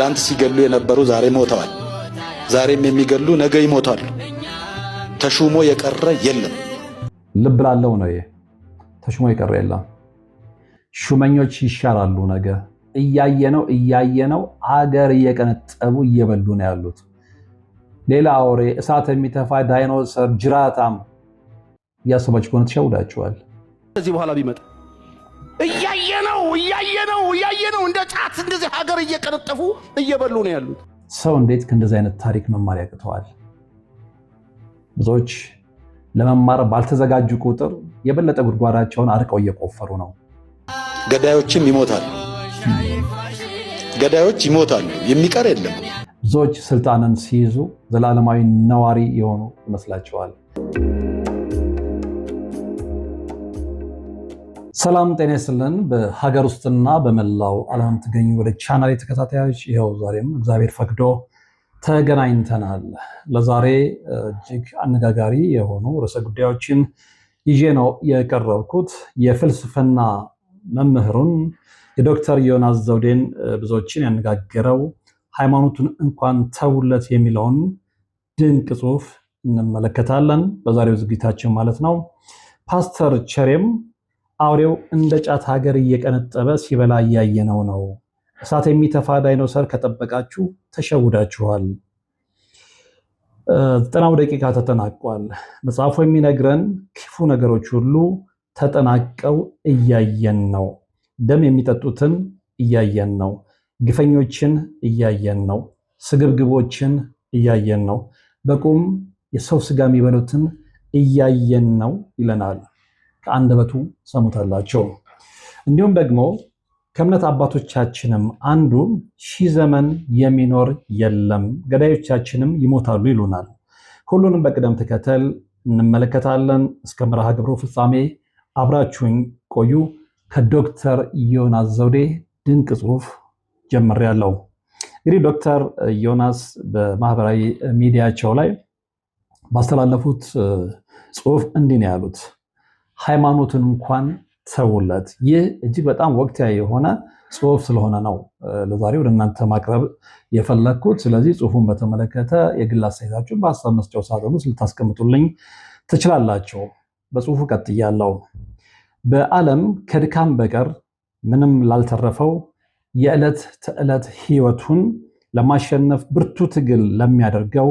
ትላንት ሲገሉ የነበሩ ዛሬ ሞተዋል። ዛሬም የሚገሉ ነገ ይሞታሉ። ተሹሞ የቀረ የለም። ልብ ላለው ነው ይሄ። ተሹሞ የቀረ የለም። ሹመኞች ይሻራሉ። ነገ እያየ ነው እያየ ነው። አገር እየቀነጠቡ እየበሉ ነው ያሉት። ሌላ አውሬ፣ እሳት የሚተፋ ዳይኖሰር፣ ጅራታም እያሰባችሁ ከሆነ ተሸውዳችኋል። ከዚህ በኋላ ቢመጣ እያየ እያየነው ነው እንደ ጫት እንደዚህ ሀገር እየቀነጠፉ እየበሉ ነው ያሉት። ሰው እንዴት ከእንደዚህ አይነት ታሪክ መማር ያቅተዋል? ብዙዎች ለመማር ባልተዘጋጁ ቁጥር የበለጠ ጉድጓዳቸውን አርቀው እየቆፈሩ ነው። ገዳዮችም ይሞታሉ፣ ገዳዮች ይሞታሉ፣ የሚቀር የለም። ብዙዎች ስልጣንን ሲይዙ ዘላለማዊ ነዋሪ የሆኑ ይመስላቸዋል። ሰላም ጤና ይስጥልን። በሀገር ውስጥና በመላው ዓለም የምትገኙ ወደ ቻናል የተከታታዮች ይኸው ዛሬም እግዚአብሔር ፈቅዶ ተገናኝተናል። ለዛሬ እጅግ አነጋጋሪ የሆኑ ርዕሰ ጉዳዮችን ይዤ ነው የቀረብኩት። የፍልስፍና መምህሩን የዶክተር ዮናስ ዘውዴን ብዙዎችን ያነጋገረው ሃይማኖቱን እንኳን ተውለት የሚለውን ድንቅ ጽሑፍ እንመለከታለን በዛሬው ዝግጅታችን ማለት ነው። ፓስተር ቸሬም አውሬው እንደ ጫት ሀገር እየቀነጠበ ሲበላ እያየነው ነው። እሳት የሚተፋ ዳይኖሰር ከጠበቃችሁ ተሸውዳችኋል። ዘጠናው ደቂቃ ተጠናቋል። መጽሐፉ የሚነግረን ክፉ ነገሮች ሁሉ ተጠናቀው እያየን ነው። ደም የሚጠጡትን እያየን ነው። ግፈኞችን እያየን ነው። ስግብግቦችን እያየን ነው። በቁም የሰው ስጋ የሚበሉትን እያየን ነው ይለናል። ከአንደበቱ ሰሙታላቸው። እንዲሁም ደግሞ ከእምነት አባቶቻችንም አንዱ ሺህ ዘመን የሚኖር የለም ገዳዮቻችንም ይሞታሉ ይሉናል። ሁሉንም በቅደም ተከተል እንመለከታለን። እስከ መርሃ ግብሩ ፍጻሜ አብራችሁኝ ቆዩ። ከዶክተር ዮናስ ዘውዴ ድንቅ ጽሁፍ ጀምሬያለሁ። እንግዲህ ዶክተር ዮናስ በማህበራዊ ሚዲያቸው ላይ ባስተላለፉት ጽሁፍ እንዲህ ነው ያሉት ሃይማኖትን እንኳን ተውለት። ይህ እጅግ በጣም ወቅታዊ የሆነ ጽሁፍ ስለሆነ ነው ለዛሬ ወደ እናንተ ማቅረብ የፈለግኩት። ስለዚህ ጽሁፉን በተመለከተ የግል አስተያየታችሁን በሀሳብ መስጫው ሳጥን ውስጥ ልታስቀምጡልኝ ትችላላችሁ። በጽሁፉ ቀጥያለው። በዓለም ከድካም በቀር ምንም ላልተረፈው የዕለት ተዕለት ህይወቱን ለማሸነፍ ብርቱ ትግል ለሚያደርገው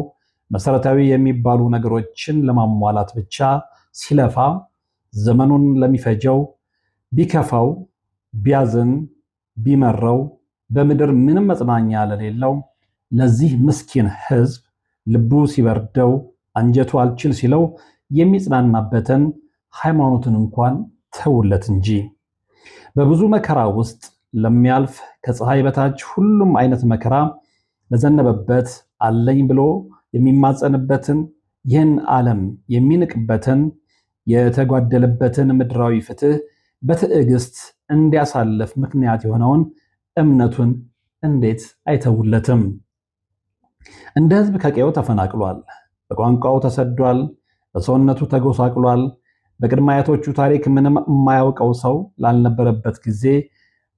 መሰረታዊ የሚባሉ ነገሮችን ለማሟላት ብቻ ሲለፋ ዘመኑን ለሚፈጀው ቢከፋው ቢያዝን ቢመረው በምድር ምንም መጽናኛ ለሌለው ለዚህ ምስኪን ሕዝብ ልቡ ሲበርደው አንጀቱ አልችል ሲለው የሚጽናናበትን ሃይማኖትን እንኳን ተውለት እንጂ በብዙ መከራ ውስጥ ለሚያልፍ ከፀሐይ በታች ሁሉም አይነት መከራ ለዘነበበት አለኝ ብሎ የሚማጸንበትን ይህን ዓለም የሚንቅበትን የተጓደለበትን ምድራዊ ፍትህ በትዕግስት እንዲያሳልፍ ምክንያት የሆነውን እምነቱን እንዴት አይተውለትም? እንደ ህዝብ ከቀዬው ተፈናቅሏል፣ በቋንቋው ተሰዷል፣ በሰውነቱ ተጎሳቅሏል። በቅድመ አያቶቹ ታሪክ ምንም የማያውቀው ሰው ላልነበረበት ጊዜ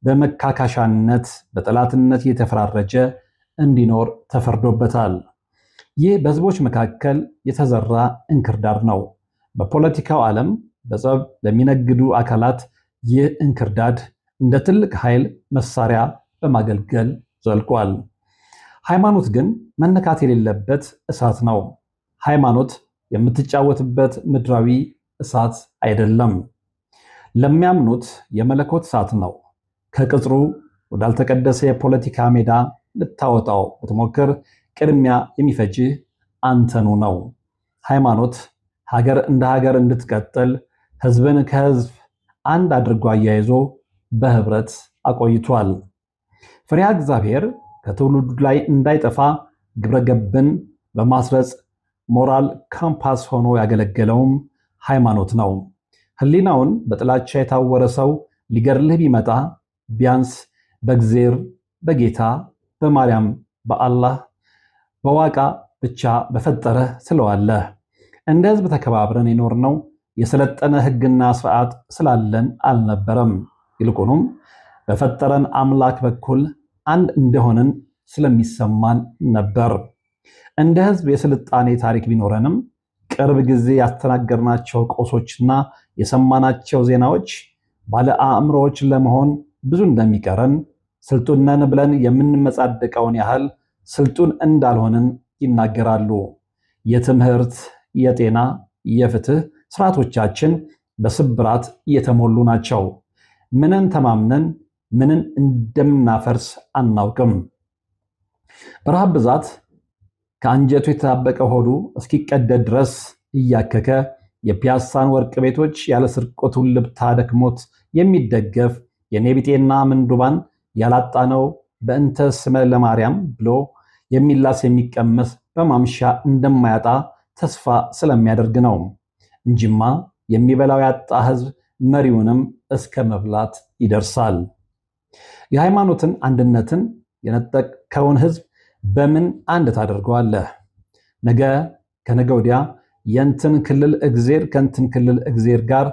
በመካካሻነት በጠላትነት እየተፈራረጀ እንዲኖር ተፈርዶበታል። ይህ በህዝቦች መካከል የተዘራ እንክርዳድ ነው። በፖለቲካው ዓለም በጸብ ለሚነግዱ አካላት ይህ እንክርዳድ እንደ ትልቅ ኃይል መሳሪያ በማገልገል ዘልቋል። ሃይማኖት ግን መነካት የሌለበት እሳት ነው። ሃይማኖት የምትጫወትበት ምድራዊ እሳት አይደለም። ለሚያምኑት የመለኮት እሳት ነው። ከቅጽሩ ወዳልተቀደሰ የፖለቲካ ሜዳ ልታወጣው ብትሞክር ቅድሚያ የሚፈጅህ አንተኑ ነው። ሃይማኖት ሀገር እንደ ሀገር እንድትቀጥል ህዝብን ከህዝብ አንድ አድርጎ አያይዞ በህብረት አቆይቷል። ፍሬሃ እግዚአብሔር ከትውልዱ ላይ እንዳይጠፋ ግብረ ገብን በማስረጽ ሞራል ካምፓስ ሆኖ ያገለገለውም ሃይማኖት ነው። ህሊናውን በጥላቻ የታወረ ሰው ሊገድልህ ቢመጣ ቢያንስ በእግዜር በጌታ በማርያም በአላህ በዋቃ ብቻ በፈጠረህ ስለዋለህ እንደ ህዝብ ተከባብረን የኖርነው የሰለጠነ ህግና ስርዓት ስላለን አልነበረም። ይልቁንም በፈጠረን አምላክ በኩል አንድ እንደሆነን ስለሚሰማን ነበር። እንደ ህዝብ የስልጣኔ ታሪክ ቢኖረንም ቅርብ ጊዜ ያስተናገርናቸው ቆሶችና የሰማናቸው ዜናዎች ባለ አእምሮዎች ለመሆን ብዙ እንደሚቀረን ስልጡነን ብለን የምንመጻደቀውን ያህል ስልጡን እንዳልሆንን ይናገራሉ። የትምህርት የጤና፣ የፍትህ ስርዓቶቻችን በስብራት እየተሞሉ ናቸው። ምንን ተማምነን ምንን እንደምናፈርስ አናውቅም። በረሃብ ብዛት ከአንጀቱ የተጣበቀ ሆዱ እስኪቀደድ ድረስ እያከከ የፒያሳን ወርቅ ቤቶች ያለ ስርቆቱን ልብታ ደክሞት የሚደገፍ የኔቢጤና ምንዱባን ያላጣነው በእንተ ስመ ለማርያም ብሎ የሚላስ የሚቀመስ በማምሻ እንደማያጣ ተስፋ ስለሚያደርግ ነው። እንጂማ የሚበላው ያጣ ህዝብ መሪውንም እስከ መብላት ይደርሳል። የሃይማኖትን አንድነትን የነጠቀውን ህዝብ በምን አንድ ታደርገዋለህ? ነገ ከነገ ወዲያ የንትን ክልል እግዜር ከንትን ክልል እግዜር ጋር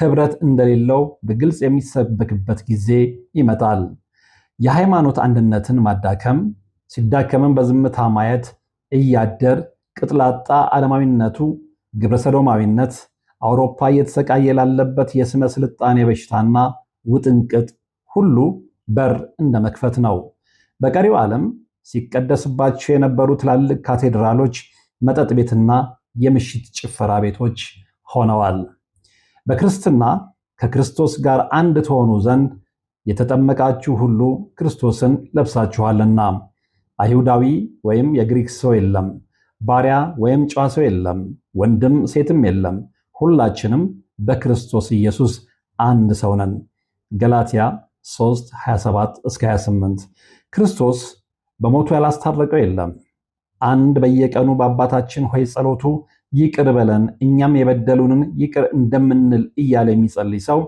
ህብረት እንደሌለው በግልጽ የሚሰበክበት ጊዜ ይመጣል። የሃይማኖት አንድነትን ማዳከም ሲዳከምን በዝምታ ማየት እያደር ቅጥላጣ ዓለማዊነቱ፣ ግብረሰዶማዊነት፣ አውሮፓ እየተሰቃየ ላለበት የስመ ስልጣኔ በሽታና ውጥንቅጥ ሁሉ በር እንደ መክፈት ነው። በቀሪው ዓለም ሲቀደስባቸው የነበሩ ትላልቅ ካቴድራሎች መጠጥ ቤትና የምሽት ጭፈራ ቤቶች ሆነዋል። በክርስትና ከክርስቶስ ጋር አንድ ተሆኑ ዘንድ የተጠመቃችሁ ሁሉ ክርስቶስን ለብሳችኋልና። አይሁዳዊ ወይም የግሪክ ሰው የለም። ባሪያ ወይም ጨዋ ሰው የለም፣ ወንድም ሴትም የለም፣ ሁላችንም በክርስቶስ ኢየሱስ አንድ ሰው ነን። ገላትያ 3 27 እስከ 28። ክርስቶስ በሞቱ ያላስታረቀው የለም። አንድ በየቀኑ በአባታችን ሆይ ጸሎቱ ይቅር በለን እኛም የበደሉንን ይቅር እንደምንል እያለ የሚጸልይ ሰው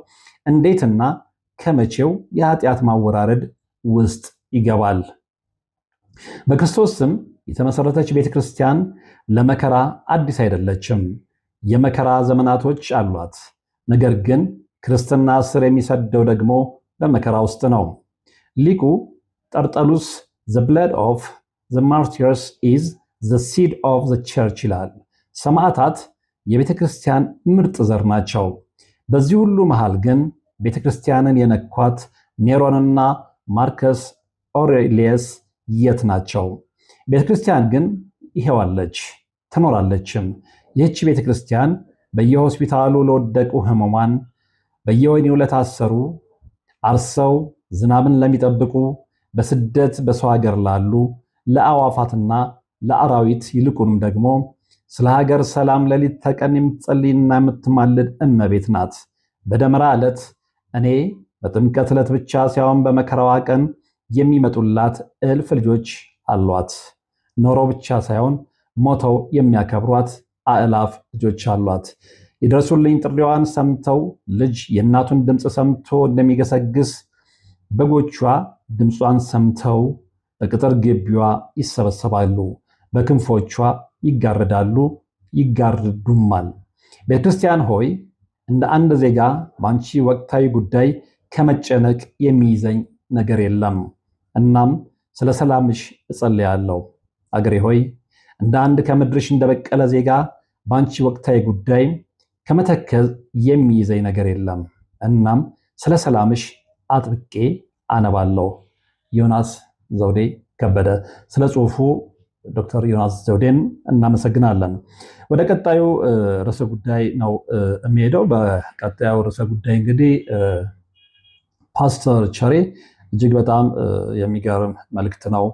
እንዴትና ከመቼው የኃጢአት ማወራረድ ውስጥ ይገባል? በክርስቶስ ስም የተመሰረተች ቤተ ክርስቲያን ለመከራ አዲስ አይደለችም። የመከራ ዘመናቶች አሏት። ነገር ግን ክርስትና ስር የሚሰደው ደግሞ በመከራ ውስጥ ነው። ሊቁ ጠርጠሉስ ዘ ብለድ ኦፍ ዘ ማርቲርስ ኢዝ ዘ ሲድ ኦፍ ዘ ቸርች ይላል። ሰማዕታት የቤተ ክርስቲያን ምርጥ ዘር ናቸው። በዚህ ሁሉ መሃል ግን ቤተ ክርስቲያንን የነኳት ኔሮንና ማርከስ ኦሬሊየስ የት ናቸው? ቤተክርስቲያን ግን ይሄዋለች ትኖራለችም። ይህች ቤተክርስቲያን በየሆስፒታሉ ለወደቁ ህመማን፣ በየወህኒው ለታሰሩ፣ አርሰው ዝናብን ለሚጠብቁ፣ በስደት በሰው ሀገር ላሉ፣ ለአዕዋፋትና ለአራዊት ይልቁንም ደግሞ ስለ ሀገር ሰላም ሌሊት ተቀን የምትጸልይና የምትማልድ እመቤት ናት። በደመራ ዕለት እኔ በጥምቀት ዕለት ብቻ ሳይሆን በመከራዋ ቀን የሚመጡላት እልፍ ልጆች አሏት። ኖሮ ብቻ ሳይሆን ሞተው የሚያከብሯት አእላፍ ልጆች አሏት። የደረሱልኝ ጥሪዋን ሰምተው ልጅ የእናቱን ድምፅ ሰምቶ እንደሚገሰግስ በጎቿ ድምጿን ሰምተው በቅጥር ግቢዋ ይሰበሰባሉ፣ በክንፎቿ ይጋርዳሉ ይጋርዱማል። ቤተክርስቲያን ሆይ እንደ አንድ ዜጋ በአንቺ ወቅታዊ ጉዳይ ከመጨነቅ የሚይዘኝ ነገር የለም። እናም ስለ ሰላምሽ እጸልያለሁ። አገሬ ሆይ እንደ አንድ ከምድርሽ እንደበቀለ ዜጋ በአንቺ ወቅታዊ ጉዳይ ከመተከዝ የሚይዘኝ ነገር የለም። እናም ስለ ሰላምሽ አጥብቄ አነባለሁ። ዮናስ ዘውዴ ከበደ። ስለ ጽሁፉ ዶክተር ዮናስ ዘውዴን እናመሰግናለን። ወደ ቀጣዩ ርዕሰ ጉዳይ ነው የሚሄደው። በቀጣዩ ርዕሰ ጉዳይ እንግዲህ ፓስተር ቸሬ እጅግ በጣም የሚገርም መልእክት ነው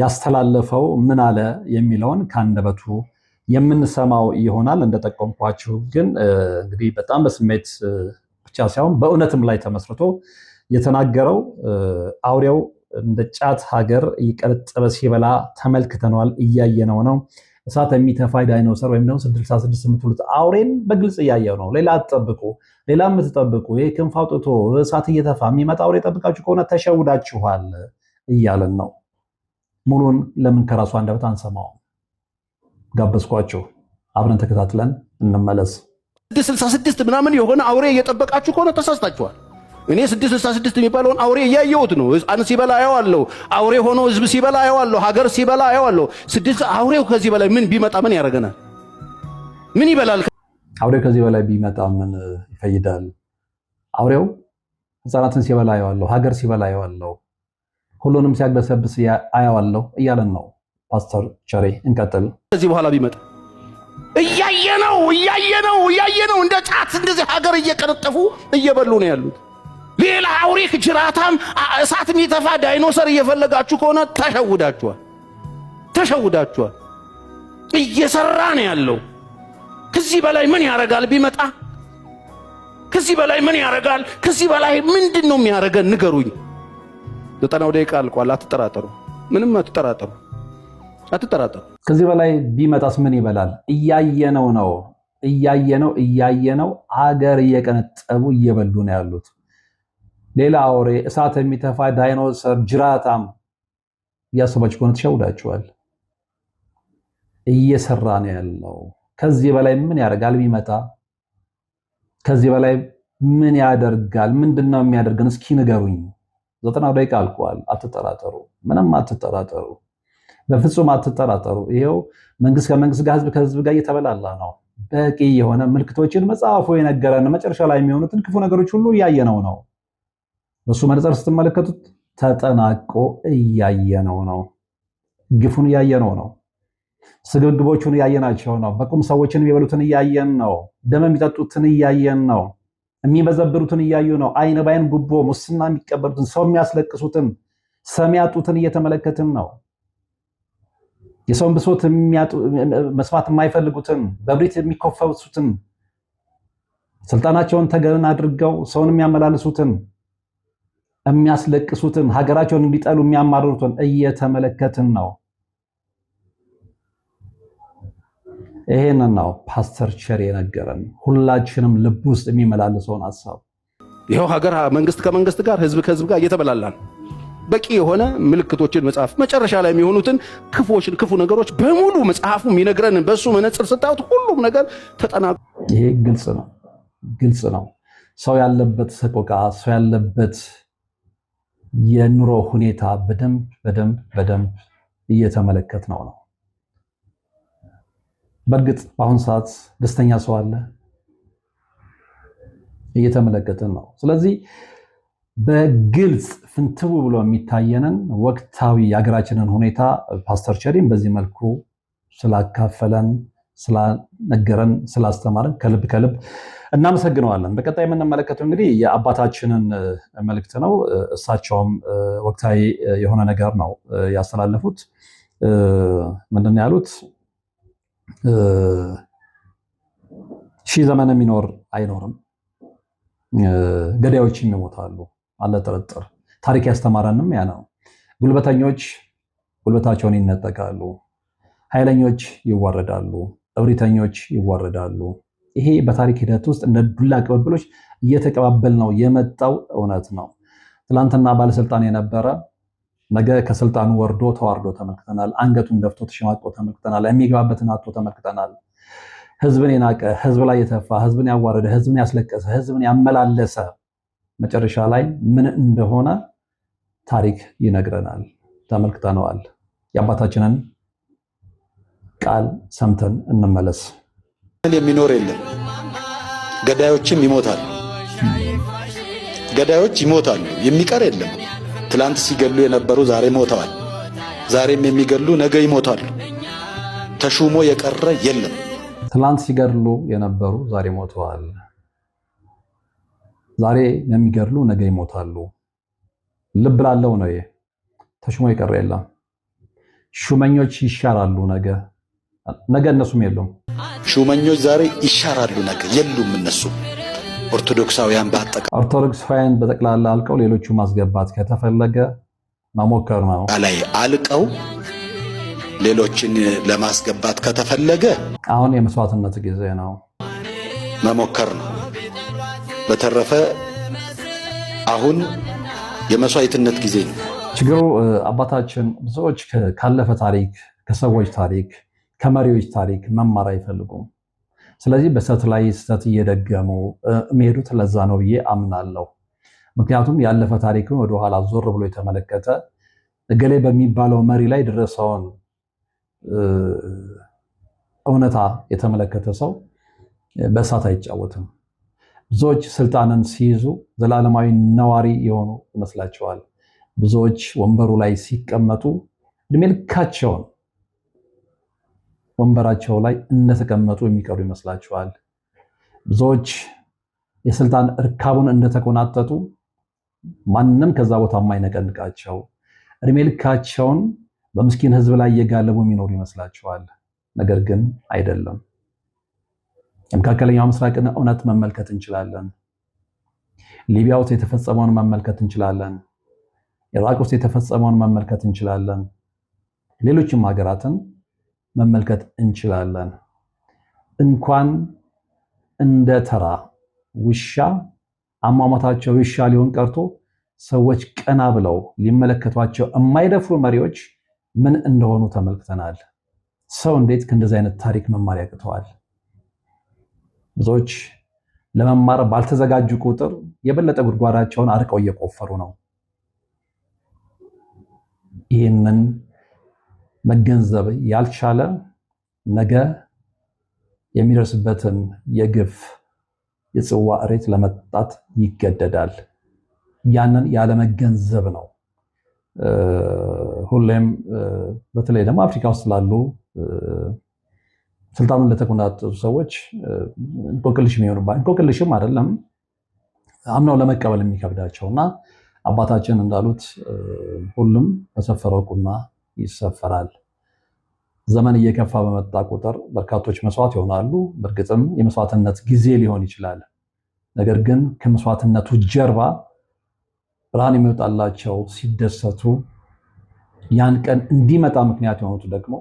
ያስተላለፈው ምን አለ የሚለውን ከአንደበቱ የምንሰማው ይሆናል። እንደጠቀምኳችሁ ግን እንግዲህ በጣም በስሜት ብቻ ሳይሆን በእውነትም ላይ ተመስርቶ የተናገረው አውሬው እንደ ጫት ሀገር እየቀለጠበ ሲበላ ተመልክተነዋል፣ እያየነው ነው። እሳት የሚተፋ ዳይኖሰር ወይም ደግሞ 666 የምትሉት አውሬን በግልጽ እያየው ነው። ሌላ አትጠብቁ፣ ሌላ የምትጠብቁ ይሄ ክንፍ አውጥቶ እሳት እየተፋ የሚመጣ አውሬ ጠብቃችሁ ከሆነ ተሸውዳችኋል እያለን ነው። ሙሉን ለምን ከራሱ አንደበት አንሰማው? ጋበዝኳችሁ። አብረን ተከታትለን እንመለስ። 666 ምናምን የሆነ አውሬ እየጠበቃችሁ ከሆነ ተሳስታችኋል። እኔ 666 የሚባለውን አውሬ እያየሁት ነው። ሕፃን ሲበላ አየዋለሁ። አውሬ ሆኖ ህዝብ ሲበላ አየዋለሁ። ሀገር ሲበላ አየዋለሁ። ስድስት አውሬው ከዚህ በላይ ምን ቢመጣ ምን ያደርገናል? ምን ይበላል? አውሬው ከዚህ በላይ ቢመጣ ምን ይፈይዳል? አውሬው ሕፃናትን ሲበላ አየዋለሁ። ሀገር ሲበላ አየዋለሁ። ሁሉንም ሲያግበሰብስ አያዋለሁ እያለን ነው። ፓስተር ቸሬ እንቀጥል። ከዚህ በኋላ ቢመጣ እያየነው እያየነው እያየነው እንደ ጫት እንደዚህ ሀገር እየቀነጠፉ እየበሉ ነው ያሉት። ሌላ አውሬክ ጅራታም እሳት የሚተፋ ዳይኖሰር እየፈለጋችሁ ከሆነ ተሸውዳችኋል፣ ተሸውዳችኋል። እየሰራ ነው ያለው። ከዚህ በላይ ምን ያረጋል? ቢመጣ ከዚህ በላይ ምን ያረጋል? ከዚህ በላይ ምንድን ነው የሚያረገን? ንገሩኝ። ዘጠናው ደቂቃ አልቋል። አትጠራጠሩ፣ ምንም አትጠራጠሩ፣ አትጠራጠሩ። ከዚህ በላይ ቢመጣስ ምን ይበላል? እያየነው ነው እያየነው እያየነው አገር እየቀነጠቡ እየበሉ ነው ያሉት። ሌላ አውሬ እሳት የሚተፋ ዳይኖሰር ጅራታም እያሰባችሁ ከሆነ ተሸውዳችኋል። እየሰራ ነው ያለው። ከዚህ በላይ ምን ያደርጋል ቢመጣ? ከዚህ በላይ ምን ያደርጋል? ምንድን ነው የሚያደርገን? እስኪ ንገሩኝ። ዘጠና ደቂቃ አልቋል። አትጠራጠሩ፣ ምንም አትጠራጠሩ፣ በፍጹም አትጠራጠሩ። ይሄው መንግስት ከመንግስት ጋር ህዝብ ከህዝብ ጋር እየተበላላ ነው። በቂ የሆነ ምልክቶችን መጽሐፉ የነገረን መጨረሻ ላይ የሚሆኑትን ክፉ ነገሮች ሁሉ እያየነው ነው። በሱ መነጽር ስትመለከቱት ተጠናቆ እያየነው ነው። ግፉን እያየነው ነው። ስግብግቦቹን እያየናቸው ነው። በቁም ሰዎችን የሚበሉትን እያየን ነው። ደም የሚጠጡትን እያየን ነው። የሚመዘብሩትን እያዩ ነው። አይን ባይን ጉቦ፣ ሙስና የሚቀበሉትን ሰው የሚያስለቅሱትን ሰሚ ያጡትን እየተመለከትን ነው። የሰውን ብሶት መስማት የማይፈልጉትን በብሪት የሚኮፈሱትን ስልጣናቸውን ተገን አድርገው ሰውን የሚያመላልሱትን የሚያስለቅሱትን ሀገራቸውን እንዲጠሉ የሚያማርሩትን እየተመለከትን ነው። ይሄንን ነው ፓስተር ቸር የነገረን፣ ሁላችንም ልብ ውስጥ የሚመላልሰውን ሀሳብ ይኸው ሀገር መንግስት ከመንግስት ጋር ህዝብ ከህዝብ ጋር እየተበላላን በቂ የሆነ ምልክቶችን መጽሐፍ መጨረሻ ላይ የሚሆኑትን ክፎችን ክፉ ነገሮች በሙሉ መጽሐፉ የሚነግረን በእሱ መነጽር ስታዩት ሁሉም ነገር ተጠና ይሄ ግልጽ ነው፣ ግልጽ ነው። ሰው ያለበት ሰቆቃ፣ ሰው ያለበት የኑሮ ሁኔታ በደንብ በደንብ በደንብ እየተመለከት ነው ነው በእርግጥ በአሁኑ ሰዓት ደስተኛ ሰው አለ እየተመለከትን ነው። ስለዚህ በግልጽ ፍንትው ብሎ የሚታየንን ወቅታዊ የሀገራችንን ሁኔታ ፓስተር ቸሪም በዚህ መልኩ ስላካፈለን፣ ስላነገረን፣ ስላስተማረን ከልብ ከልብ እናመሰግነዋለን። በቀጣይ የምንመለከተው እንግዲህ የአባታችንን መልእክት ነው። እሳቸውም ወቅታዊ የሆነ ነገር ነው ያስተላለፉት። ምንድን ነው ያሉት? ሺህ ዘመን የሚኖር አይኖርም። ገዳዮችም ይሞታሉ፣ አለ ጥርጥር። ታሪክ ያስተማረንም ያ ነው። ጉልበተኞች ጉልበታቸውን ይነጠቃሉ፣ ኃይለኞች ይዋረዳሉ፣ እብሪተኞች ይዋረዳሉ። ይሄ በታሪክ ሂደት ውስጥ እንደ ዱላ ቅብብሎች እየተቀባበል ነው የመጣው እውነት ነው። ትላንትና ባለስልጣን የነበረ ነገ ከስልጣኑ ወርዶ ተዋርዶ ተመልክተናል። አንገቱን ገፍቶ ተሸማቆ ተመልክተናል። የሚገባበትን አቶ ተመልክተናል። ህዝብን የናቀ ህዝብ ላይ የተፋ ህዝብን ያዋረደ ህዝብን ያስለቀሰ ህዝብን ያመላለሰ መጨረሻ ላይ ምን እንደሆነ ታሪክ ይነግረናል። ተመልክተነዋል። የአባታችንን ቃል ሰምተን እንመለስ። የሚኖር የለም ገዳዮችም ይሞታሉ። ገዳዮች ይሞታሉ። የሚቀር የለም። ትላንት ሲገሉ የነበሩ ዛሬ ሞተዋል። ዛሬም የሚገሉ ነገ ይሞታሉ። ተሹሞ የቀረ የለም። ትላንት ሲገድሉ የነበሩ ዛሬ ሞተዋል። ዛሬ የሚገድሉ ነገ ይሞታሉ። ልብ ላለው ነው ይሄ። ተሹሞ የቀረ የለም። ሹመኞች ይሻራሉ ነገ ነገ እነሱም የሉም። ሹመኞች ዛሬ ይሻራሉ ነገ የሉም እነሱም ኦርቶዶክሳውያን በአጠቃላይ ኦርቶዶክሳውያን በጠቅላላ አልቀው ሌሎቹ ማስገባት ከተፈለገ መሞከር ነው። ላይ አልቀው ሌሎችን ለማስገባት ከተፈለገ አሁን የመስዋዕትነት ጊዜ ነው፣ መሞከር ነው። በተረፈ አሁን የመስዋዕትነት ጊዜ ነው። ችግሩ አባታችን ብዙዎች ካለፈ ታሪክ፣ ከሰዎች ታሪክ፣ ከመሪዎች ታሪክ መማር አይፈልጉም። ስለዚህ በስተት ላይ ስተት እየደገሙ የሚሄዱት ለዛ ነው ብዬ አምናለሁ። ምክንያቱም ያለፈ ታሪክን ወደኋላ ዞር ብሎ የተመለከተ እገሌ በሚባለው መሪ ላይ ደረሰውን እውነታ የተመለከተ ሰው በእሳት አይጫወትም። ብዙዎች ስልጣንን ሲይዙ ዘላለማዊ ነዋሪ የሆኑ ይመስላቸዋል። ብዙዎች ወንበሩ ላይ ሲቀመጡ እድሜ ልካቸውን ወንበራቸው ላይ እንደተቀመጡ የሚቀሩ ይመስላችኋል? ብዙዎች የስልጣን እርካቡን እንደተቆናጠጡ ማንም ከዛ ቦታ የማይነቀንቃቸው እድሜ ልካቸውን በምስኪን ሕዝብ ላይ እየጋለቡ የሚኖሩ ይመስላችኋል? ነገር ግን አይደለም። የመካከለኛው ምስራቅን እውነት መመልከት እንችላለን። ሊቢያ ውስጥ የተፈጸመውን መመልከት እንችላለን። ኢራቅ ውስጥ የተፈጸመውን መመልከት እንችላለን። ሌሎችም ሀገራትን መመልከት እንችላለን። እንኳን እንደ ተራ ውሻ አሟሟታቸው ውሻ ሊሆን ቀርቶ ሰዎች ቀና ብለው ሊመለከቷቸው የማይደፍሩ መሪዎች ምን እንደሆኑ ተመልክተናል። ሰው እንዴት ከእንደዚህ አይነት ታሪክ መማር ያቅተዋል? ብዙዎች ለመማር ባልተዘጋጁ ቁጥር የበለጠ ጉድጓዳቸውን አርቀው እየቆፈሩ ነው። ይህንን መገንዘብ ያልቻለ ነገ የሚደርስበትን የግፍ የጽዋ እሬት ለመጣት ይገደዳል። ያንን ያለመገንዘብ ነው። ሁሌም በተለይ ደግሞ አፍሪካ ውስጥ ላሉ ስልጣኑን ለተቆናጠጡ ሰዎች እንቆቅልሽ የሚሆንባቸው እንቆቅልሽም አይደለም አምናው ለመቀበል የሚከብዳቸው እና አባታችን እንዳሉት ሁሉም በሰፈረው ቁና ይሰፈራል። ዘመን እየከፋ በመጣ ቁጥር በርካቶች መስዋዕት ይሆናሉ። በእርግጥም የመስዋዕትነት ጊዜ ሊሆን ይችላል። ነገር ግን ከመስዋዕትነቱ ጀርባ ብርሃን የሚወጣላቸው ሲደሰቱ፣ ያን ቀን እንዲመጣ ምክንያት የሆኑት ደግሞ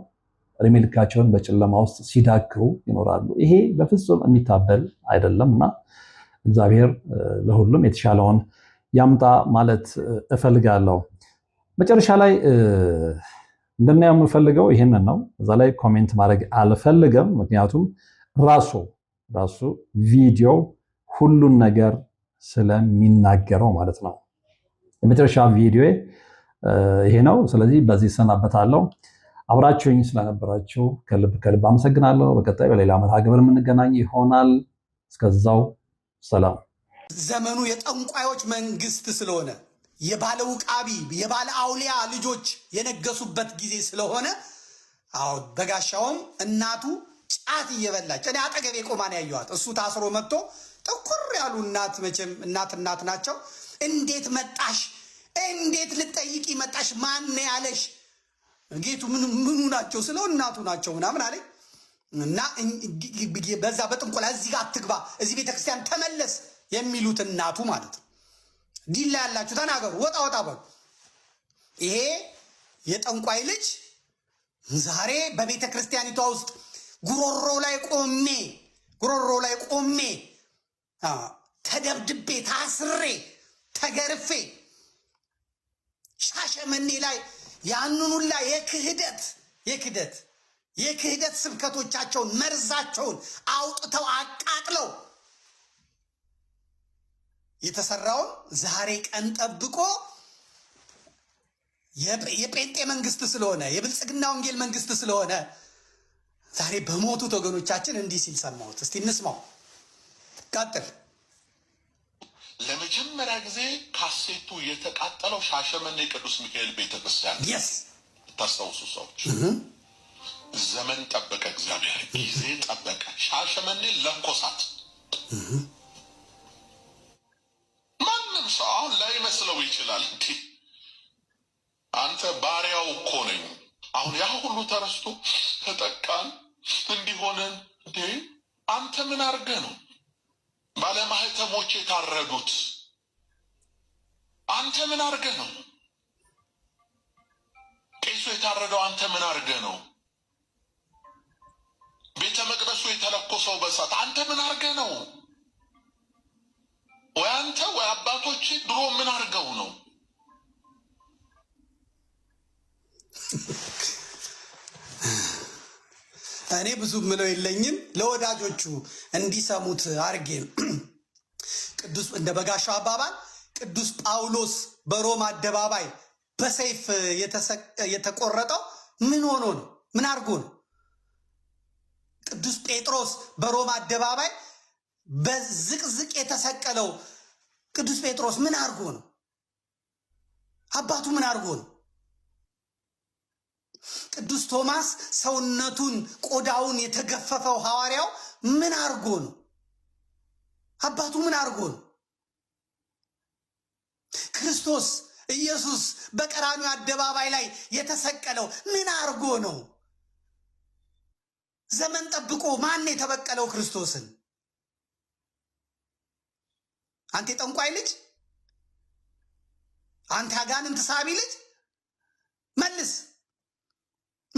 እድሜ ልካቸውን በጨለማ ውስጥ ሲዳክሩ ይኖራሉ። ይሄ በፍጹም የሚታበል አይደለም እና እግዚአብሔር ለሁሉም የተሻለውን ያምጣ ማለት እፈልጋለሁ። መጨረሻ ላይ እንድናየው የምፈልገው ይህንን ነው። እዛ ላይ ኮሜንት ማድረግ አልፈልገም፣ ምክንያቱም ራሱ ራሱ ቪዲዮ ሁሉን ነገር ስለሚናገረው ማለት ነው። የመጨረሻ ቪዲዮ ይሄ ነው። ስለዚህ በዚህ እሰናበታለሁ። አብራችሁኝ ስለነበራችሁ ከልብ ከልብ አመሰግናለሁ። በቀጣይ በሌላ መርሃ ግብር የምንገናኝ ይሆናል። እስከዛው ሰላም። ዘመኑ የጠንቋዮች መንግስት ስለሆነ የባለ ውቃቢ የባለ አውሊያ ልጆች የነገሱበት ጊዜ ስለሆነ አዎ በጋሻውም እናቱ ጫት እየበላች እኔ አጠገቤ ቆማን ያየኋት እሱ ታስሮ መጥቶ ጥቁር ያሉ እናት መቼም እናት እናት ናቸው። እንዴት መጣሽ? እንዴት ልጠይቂ መጣሽ? ማን ያለሽ? ጌቱ ምኑ ናቸው ስለው እናቱ ናቸው ምናምን አለኝ። እና በዛ በጥንቆላ እዚህ ጋር አትግባ፣ እዚህ ቤተክርስቲያን ተመለስ የሚሉት እናቱ ማለት ነው። ዲላ ያላችሁ ተናገሩ። ወጣ ወጣ በሉ። ይሄ የጠንቋይ ልጅ ዛሬ በቤተ ክርስቲያኒቷ ውስጥ ጉሮሮ ላይ ቆሜ ጉሮሮ ላይ ቆሜ ተደብድቤ ታስሬ ተገርፌ ሻሸመኔ ላይ ያንኑላ የክህደት የክህደት የክህደት ስብከቶቻቸውን መርዛቸውን አውጥተው አቃጥለው የተሰራውን ዛሬ ቀን ጠብቆ የጴንጤ መንግስት ስለሆነ የብልጽግና ወንጌል መንግስት ስለሆነ ዛሬ በሞቱት ወገኖቻችን እንዲህ ሲል ሰማሁት። እስቲ እንስማው። ቀጥል። ለመጀመሪያ ጊዜ ካሴቱ የተቃጠለው ሻሸመኔ ቅዱስ ሚካኤል ቤተክርስቲያን የስ ታስታውሱ ሰዎች ዘመን ጠበቀ፣ እግዚአብሔር ጊዜ ጠበቀ። ሻሸመኔ ለኮሳት ሰው አሁን ላይመስለው ይችላል። አንተ ባሪያው እኮ ነኝ። አሁን ያ ሁሉ ተረስቶ ተጠቃን እንዲሆንን እንዴ አንተ ምን አርገ ነው ባለማህተሞች የታረዱት? አንተ ምን አርገ ነው ቄሱ የታረደው? አንተ ምን አርገ ነው ቤተ መቅደሱ የተለኮሰው በሳት? አንተ ምን አርገ ነው ወይ አንተ ወይ አባቶች ድሮ ምን አድርገው ነው እኔ ብዙ ምለው የለኝም። ለወዳጆቹ እንዲሰሙት አርጌ ቅዱስ እንደ በጋሻው አባባል ቅዱስ ጳውሎስ በሮም አደባባይ በሰይፍ የተቆረጠው ምን ሆኖ ነው? ምን አድርጎ ነው? ቅዱስ ጴጥሮስ በሮም አደባባይ በዝቅዝቅ የተሰቀለው ቅዱስ ጴጥሮስ ምን አድርጎ ነው? አባቱ ምን አድርጎ ነው? ቅዱስ ቶማስ ሰውነቱን ቆዳውን የተገፈፈው ሐዋርያው ምን አድርጎ ነው? አባቱ ምን አድርጎ ነው? ክርስቶስ ኢየሱስ በቀራኒው አደባባይ ላይ የተሰቀለው ምን አድርጎ ነው? ዘመን ጠብቆ ማን የተበቀለው ክርስቶስን? አንተ የጠንቋይ ልጅ፣ አንተ አጋንንት ሳቢ ልጅ መልስ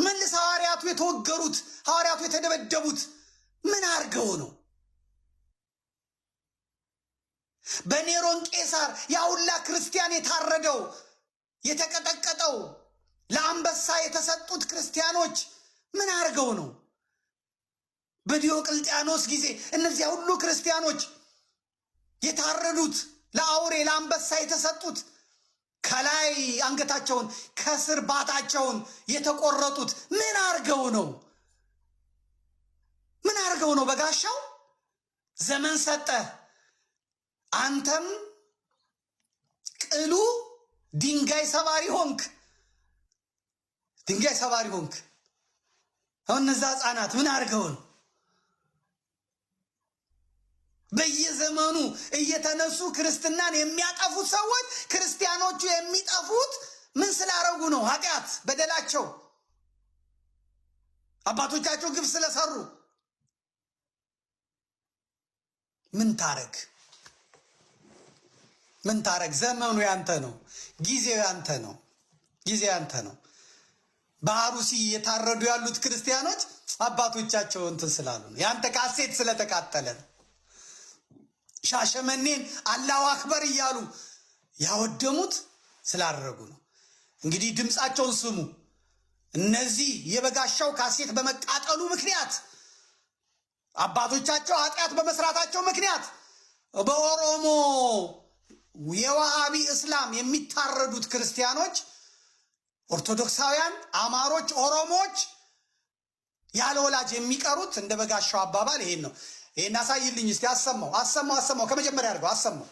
መልስ። ሐዋርያቱ የተወገሩት ሐዋርያቱ የተደበደቡት ምን አድርገው ነው? በኔሮን ቄሳር ያውላ ክርስቲያን የታረደው የተቀጠቀጠው ለአንበሳ የተሰጡት ክርስቲያኖች ምን አድርገው ነው? በዲዮቅልጥያኖስ ጊዜ እነዚያ ሁሉ ክርስቲያኖች የታረዱት ለአውሬ ለአንበሳ የተሰጡት ከላይ አንገታቸውን ከስር ባታቸውን የተቆረጡት ምን አርገው ነው? ምን አርገው ነው? በጋሻው ዘመን ሰጠ። አንተም ቅሉ ድንጋይ ሰባሪ ሆንክ፣ ድንጋይ ሰባሪ ሆንክ። አሁን እነዛ ህፃናት ምን አርገውን በየዘመኑ እየተነሱ ክርስትናን የሚያጠፉት ሰዎች ክርስቲያኖቹ የሚጠፉት ምን ስላረጉ ነው? ኃጢአት በደላቸው፣ አባቶቻቸው ግብ ስለሰሩ ምን ታረግ ምን ታረግ? ዘመኑ ያንተ ነው። ጊዜው ያንተ ነው። ጊዜ ያንተ ነው። በአሩሲ እየታረዱ ያሉት ክርስቲያኖች አባቶቻቸው እንትን ስላሉ ነው። ያንተ ካሴት ስለተቃጠለ ነው። ሻሸመኔን አላሁ አክበር እያሉ ያወደሙት ስላደረጉ ነው። እንግዲህ ድምፃቸውን ስሙ። እነዚህ የበጋሻው ካሴት በመቃጠሉ ምክንያት አባቶቻቸው ኃጢአት በመስራታቸው ምክንያት በኦሮሞ የዋሃቢ እስላም የሚታረዱት ክርስቲያኖች፣ ኦርቶዶክሳውያን፣ አማሮች፣ ኦሮሞዎች ያለ ወላጅ የሚቀሩት እንደ በጋሻው አባባል ይሄን ነው። ይህን አሳይልኝ እስቲ። አሰማው አሰማው አሰማው፣ ከመጀመሪያ አድርገው አሰማው።